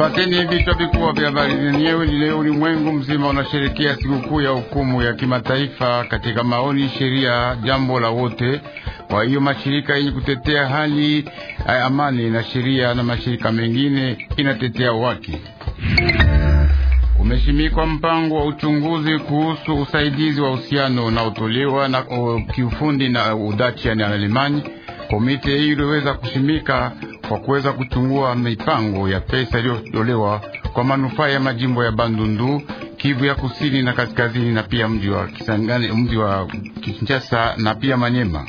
fateni vichwa vikubwa vya habari zenyewe. Lile ulimwengu mzima unasherekea sikukuu ya hukumu ya kimataifa katika maoni sheria, jambo la wote. Kwa hiyo mashirika yenye kutetea hali eh, amani na sheria na mashirika mengine inatetea uwaki umeshimikwa mpango wa uchunguzi kuhusu usaidizi wa uhusiano unaotolewa na eh, kiufundi na eh, udachi ya Alemani. Komite hii iliweza kushimika kwa kuweza kuchungua mipango ya pesa iliyotolewa kwa manufaa ya majimbo ya Bandundu, Kivu ya kusini na kaskazini, na pia mji wa Kisangani, mji wa Kinshasa na pia Manyema.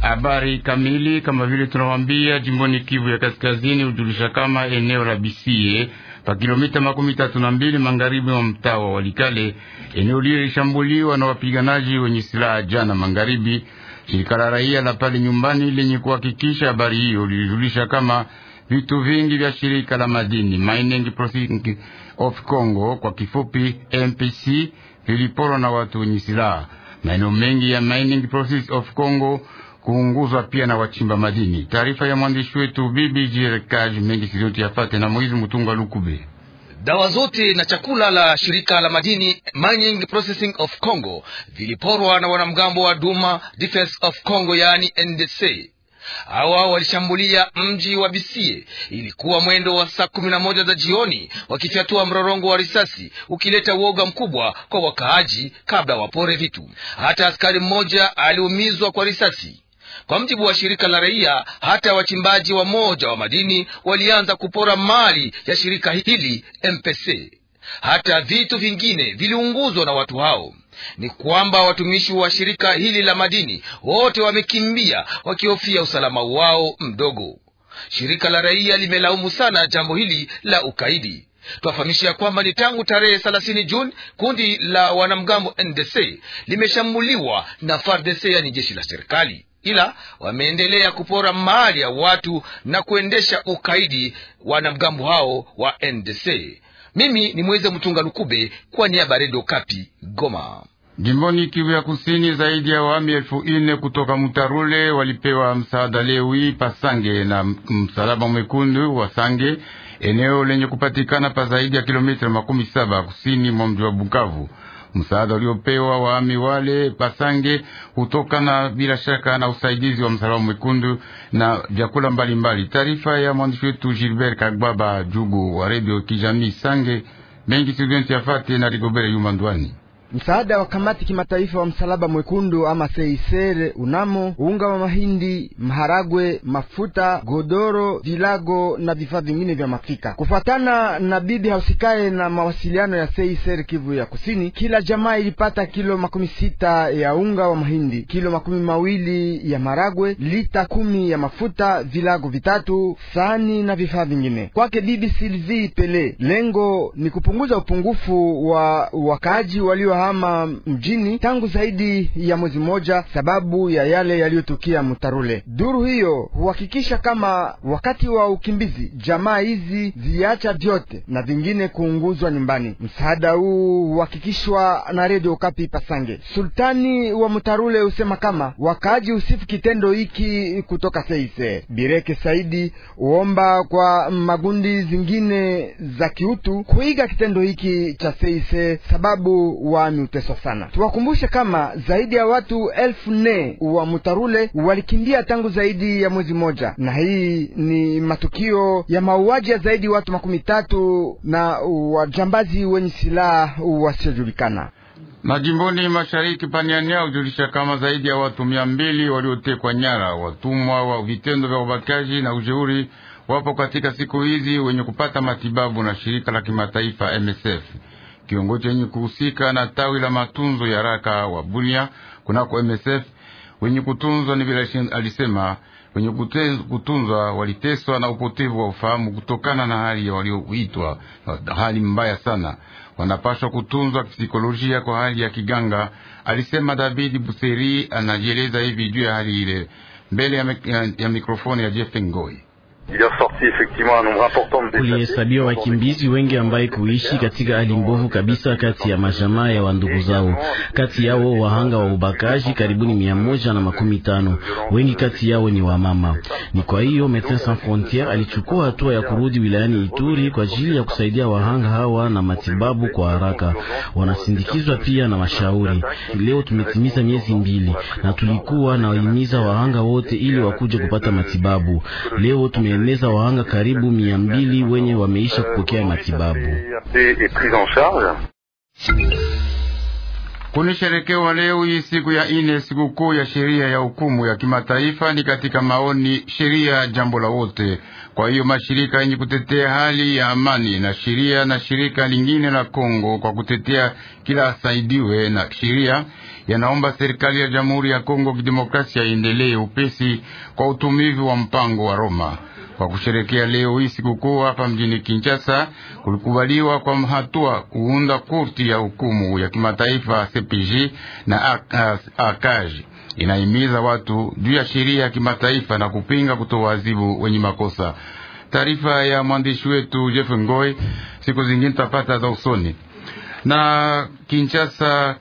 Habari kamili kama vile tunawambia, jimboni Kivu ya kaskazini hujulisha kama eneo la Bisie pa kilomita makumi tatu na mbili magharibi mwa mtaa wa Walikale, eneo lile lishambuliwa na wapiganaji wenye silaha jana magharibi Shirika la raia la pale nyumbani lenye kuhakikisha habari hiyo lilijulisha kama vitu vingi vya shirika la madini Mining Processing of Congo kwa kifupi MPC viliporwa na watu wenye silaha. Maeneo mengi ya Mining Process of Congo kuunguzwa pia na wachimba madini. Taarifa ya mwandishi wetu bibi Jirkaj mengi sizoti yafate na Moizi Mutunga Lukube. Dawa zote na chakula la shirika la madini Mining Processing of Congo viliporwa na wanamgambo wa Duma Defense of Congo, yaani NDC. Hawa walishambulia mji wa Bisie, ilikuwa mwendo wa saa kumi na moja za jioni, wakifyatua mrorongo wa risasi ukileta uoga mkubwa kwa wakaaji kabla wapore vitu. Hata askari mmoja aliumizwa kwa risasi. Kwa mjibu wa shirika la raia, hata wachimbaji wamoja wa madini walianza kupora mali ya shirika hili MPC. Hata vitu vingine viliunguzwa na watu hao. Ni kwamba watumishi wa shirika hili la madini wote wamekimbia wakihofia usalama wao mdogo. Shirika la raia limelaumu sana jambo hili la ukaidi. Twafahamisha ya kwamba ni tangu tarehe 30 Juni kundi la wanamgambo NDC limeshambuliwa na FARDC, yani jeshi la serikali ila wameendelea kupora mali ya watu na kuendesha ukaidi wanamgambo hao wa NDC. Mimi ni Mweze Mtunga Lukube kwa niaba ya Redio Kapi Goma. Jimboni Kivu ya Kusini, zaidi ya wami elfu ine kutoka Mutarule walipewa msaada lewi pasange na Msalaba Mwekundu wa Sange, eneo lenye kupatikana pa zaidi ya kilomita makumi saba kusini mwa mji wa Bukavu. Msaada uliopewa waami wale Pasange hutokana bila shaka na usaidizi wa Msalaba Mwekundu na vyakula mbalimbali. Taarifa ya mwandishi wetu Gilbert Kagbaba Jugu wa redio kijamii Sange mengi studenti yafate na Rigobere Yumandwani. Msaada wa kamati kimataifa wa msalaba mwekundu ama seisere unamo unga wa mahindi, maharagwe, mafuta, godoro, vilago na vifaa vingine vya mafika. Kufuatana na bibi hausikaye na mawasiliano ya seisere Kivu ya Kusini, kila jamaa ilipata kilo makumi sita ya unga wa mahindi, kilo makumi mawili ya maragwe, lita kumi ya mafuta, vilago vitatu, sahani na vifaa vingine. Kwake bibi Sylvie Pele, lengo ni kupunguza upungufu wa wakaaji walio kuhama mjini tangu zaidi ya mwezi mmoja, sababu ya yale yaliyotukia Mutarule. Duru hiyo huhakikisha kama wakati wa ukimbizi jamaa hizi ziacha vyote na vingine kuunguzwa nyumbani. Msaada huu huhakikishwa na Redio Kapi Pasange. Sultani wa Mutarule husema kama wakaaji husifu kitendo hiki kutoka Seise. Bireke Saidi huomba kwa magundi zingine za kiutu kuiga kitendo hiki cha Seise sababu wa nami sana. Tuwakumbushe kama zaidi ya watu elfu nne wa Mutarule walikimbia tangu zaidi ya mwezi moja, na hii ni matukio ya mauaji ya zaidi watu makumi tatu na wajambazi wenye silaha wasiojulikana majimboni mashariki paniania hujulisha kama zaidi ya watu mia mbili waliotekwa nyara watumwa wa vitendo vya ubakaji na ujeuri wapo katika siku hizi wenye kupata matibabu na shirika la kimataifa MSF kiongozi wenye kuhusika na tawi la matunzo ya raka wa Bunia kunako MSF. Wenye kutunzwa ni vile alisema, wenye kutunzwa waliteswa na upotevu wa ufahamu kutokana na hali walioitwa hali mbaya sana, wanapaswa kutunzwa kisikolojia kwa hali ya kiganga, alisema David Buseri. Anajieleza hivi juu ya hali ile mbele ya mikrofoni ya Jeff Ngoi kulihesabiwa wakimbizi wengi ambaye kuishi katika hali mbovu kabisa kati ya majamaa ya wandugu zao. Kati yao wahanga wa ubakaji karibuni mia moja na makumi tano, wengi kati yao ni wamama. Ni kwa hiyo Medecins Sans Frontieres alichukua hatua ya kurudi wilayani Ituri kwa ajili ya kusaidia wahanga hawa na matibabu kwa haraka. Wanasindikizwa pia na mashauri. Leo tumetimiza miezi mbili na tulikuwa nawahimiza wahanga wote ili wakuje kupata matibabu. Leo tume inaeleza wahanga karibu mia mbili wenye wameisha kupokea matibabu. Kulisherekewa leo hii siku ya ine sikukuu ya sheria ya hukumu ya kimataifa. Ni katika maoni sheria jambo la wote. Kwa hiyo mashirika yenye kutetea hali ya amani na sheria na shirika lingine la Kongo kwa kutetea kila asaidiwe na sheria yanaomba serikali ya Jamhuri ya Kongo Kidemokrasia iendelee upesi kwa utumivu wa mpango wa Roma kwa kusherekea leo hii sikukuu hapa mjini Kinshasa, kulikubaliwa kwa hatua kuunda korti ya hukumu ya kimataifa CPJ na AKAJ inahimiza watu juu ya sheria ya kimataifa na kupinga kutowazibu wazibu wenye makosa. Taarifa ya mwandishi wetu Jeff Ngoi, siku zingine tutapata za usoni na Kinshasa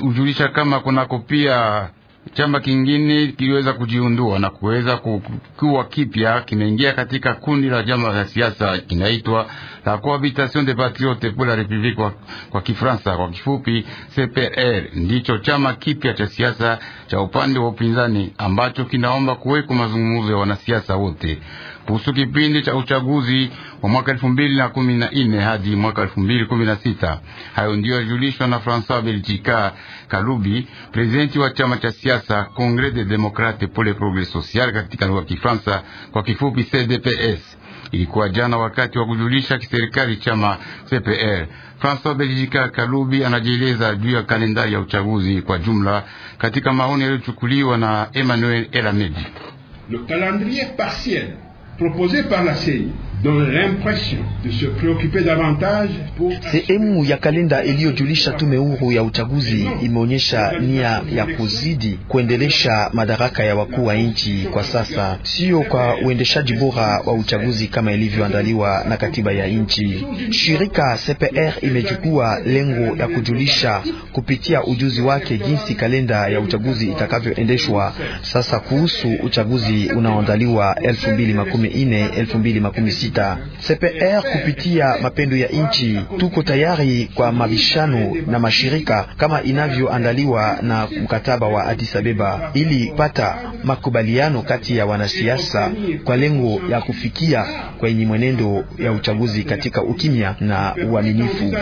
ujulisha kama kunako pia chama kingine kiliweza kujiundua na kuweza kukua kipya, kimeingia katika kundi la chama la siasa kinaitwa la Cohabitation des Patriotes pour la République, kwa, kwa Kifransa, kwa kifupi CPR. Ndicho chama kipya cha siasa cha upande wa upinzani ambacho kinaomba kuweko mazungumzo ya wanasiasa wote kuhusu kipindi cha uchaguzi wa mwaka elfu mbili na kumi na nne hadi mwaka elfu mbili kumi na sita. Hayo ndiyo yajulishwa na Francois Belgica Kalubi, prezidenti wa chama cha siasa Congres des Democrates pour le Progres Social katika lugha ya Kifransa, kwa kifupi CDPS. Ilikuwa jana wakati wa kujulisha kiserikali chama CPR. Francois Belgica Kalubi anajieleza juu ya kalendari ya uchaguzi kwa jumla katika maoni yaliyochukuliwa na Emmanuel Elamedi. Le calendrier partiel proposé par la CEI Sehemu ya kalenda iliyojulisha tume huru ya uchaguzi imeonyesha nia ya kuzidi kuendelesha madaraka ya wakuu wa nchi kwa sasa, sio kwa uendeshaji bora wa uchaguzi kama ilivyoandaliwa na katiba ya nchi. Shirika CPR imechukua lengo ya kujulisha kupitia ujuzi wake jinsi kalenda ya uchaguzi itakavyoendeshwa sasa kuhusu uchaguzi unaoandaliwa 2014 vita CPR kupitia mapendo ya nchi. Tuko tayari kwa mabishano na mashirika kama inavyoandaliwa na mkataba wa Addis Ababa, ili pata makubaliano kati ya wanasiasa kwa lengo ya kufikia kwenye mwenendo ya uchaguzi katika ukimya na uaminifu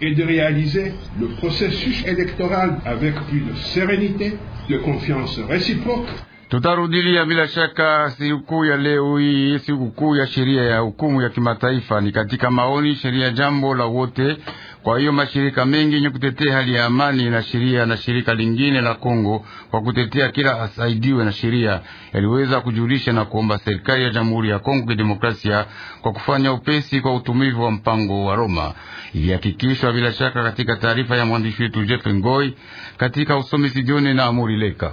et de réaliser le processus électoral avec plus de sérénité, de confiance réciproque. Tutarudilia bila shaka sikukuu ya leo hii, sikukuu ya sheria ya hukumu ya kimataifa ni katika maoni sheria jambo la wote. Kwa hiyo mashirika mengi yenye kutetea hali ya amani na sheria na shirika lingine la Kongo kwa kutetea kila asaidiwe na sheria yaliweza kujulisha na kuomba serikali ya Jamhuri ya Kongo Kidemokrasia kwa kufanya upesi kwa utumivu wa mpango wa Roma. Ilihakikishwa bila shaka katika taarifa ya mwandishi wetu Jeff Ngoi katika usomi sijoni na Amuri Leka.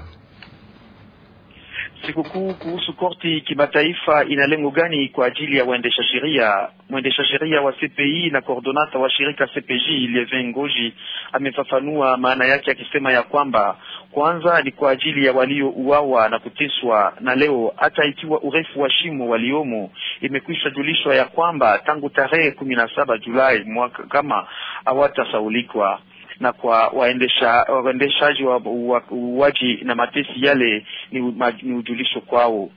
Sikukuu kuhusu korti kimataifa ina lengo gani kwa ajili ya waendesha sheria? Mwendesha sheria wa CPI na koordonata wa shirika CPJ Lieve Ngoji amefafanua maana yake akisema ya kwamba kwanza ni kwa ajili ya waliouawa na kuteswa, na leo hata ikiwa urefu wa shimo waliomo imekwisha julishwa ya kwamba tangu tarehe kumi na saba Julai mwaka kama hawatasaulikwa na kwa waendesha waendeshaji wa uwaji na matesi yale ni, ma, ni ujulisho kwao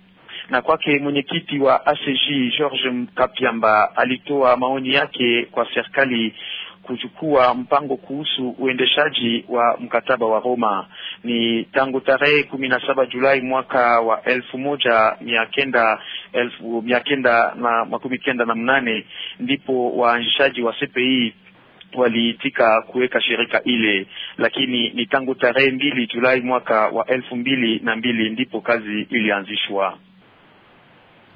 na kwake mwenyekiti wa ACJ George Mkapiamba alitoa maoni yake kwa serikali kuchukua mpango kuhusu uendeshaji wa mkataba wa Roma. Ni tangu tarehe kumi na saba Julai mwaka wa elfu moja mia kenda elfu mia kenda na makumi kenda na mnane ndipo waanzishaji wa CPI e waliitika kuweka shirika ile, lakini ni tangu tarehe mbili Julai mwaka wa elfu mbili na mbili ndipo kazi ilianzishwa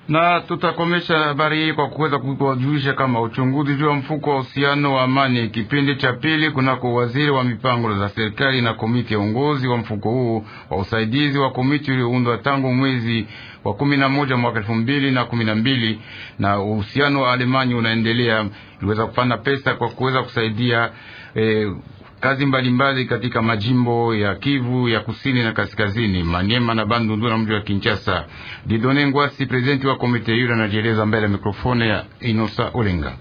na tutakomesha habari hii kwa kuweza kuwajulisha kama uchunguzi juu ya mfuko wa uhusiano wa amani kipindi cha pili kunako waziri wa mipango za serikali na komiti ya uongozi wa mfuko huu wa usaidizi wa komiti ulioundwa tangu mwezi wa kumi na moja mwaka elfu mbili na kumi na mbili na uhusiano wa Alemani unaendelea iliweza kupanda pesa kwa kuweza kusaidia eh, kazi mbalimbali mbali katika majimbo ya Kivu ya kusini na kaskazini, Manyema na Bandundu na mji wa Kinshasa. Didone Ngwasi, presidenti wa komite hiyo, anajieleza mbele ya mikrofone ya Inosa Olenga.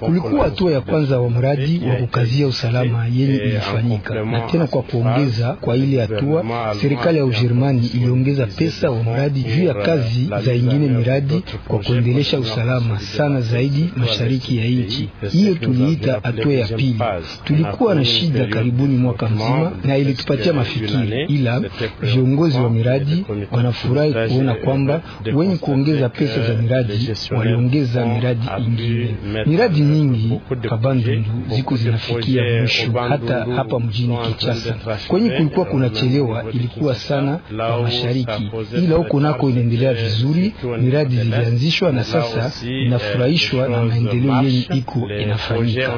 Kulikuwa hatua ya kwanza wa mradi wa kukazia usalama yenye ilifanyika, na tena kwa kuongeza kwa ile hatua, serikali ya Ujerumani iliongeza pesa wa mradi juu ya euh, kazi za ingine miradi kwa kuendelesha usalama sana zaidi mashariki ya nchi hiyo. Tuliita hatua ya pili. Tulikuwa na shida karibuni mwaka mzima, na ilitupatia mafikiri, ila viongozi wa miradi wanafurahi kuona kwamba wenye kuongeza pesa za euh, miradi wali kuongeza miradi ingine. Miradi euh, nyingi Kabandundu ziko zinafikia mwisho, hata hapa mjini Kinshasa kwenye kulikuwa euh, kunachelewa ilikuwa sana na mashariki, ila huko nako inaendelea euh, vizuri, miradi zilianzishwa na sasa inafurahishwa na maendeleo yenye iko inafanyika.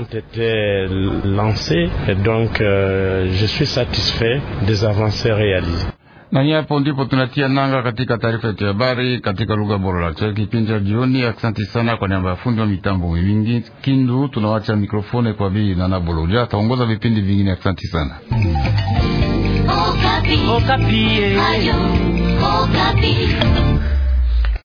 Donc, euh, je suis satisfait des avancées réalisées. Na ni hapo ndipo tunatia nanga katika taarifa yetu ya habari katika lugha bora la Kiswahili kipindi cha jioni. Asante sana kwa niaba ya fundi wa mitambo mingi Kindu, tunawacha mikrofone kwa na Nabolo Uja ataongoza vipindi vingine. Asante sana Okapi. Okapi. Ayo, Okapi.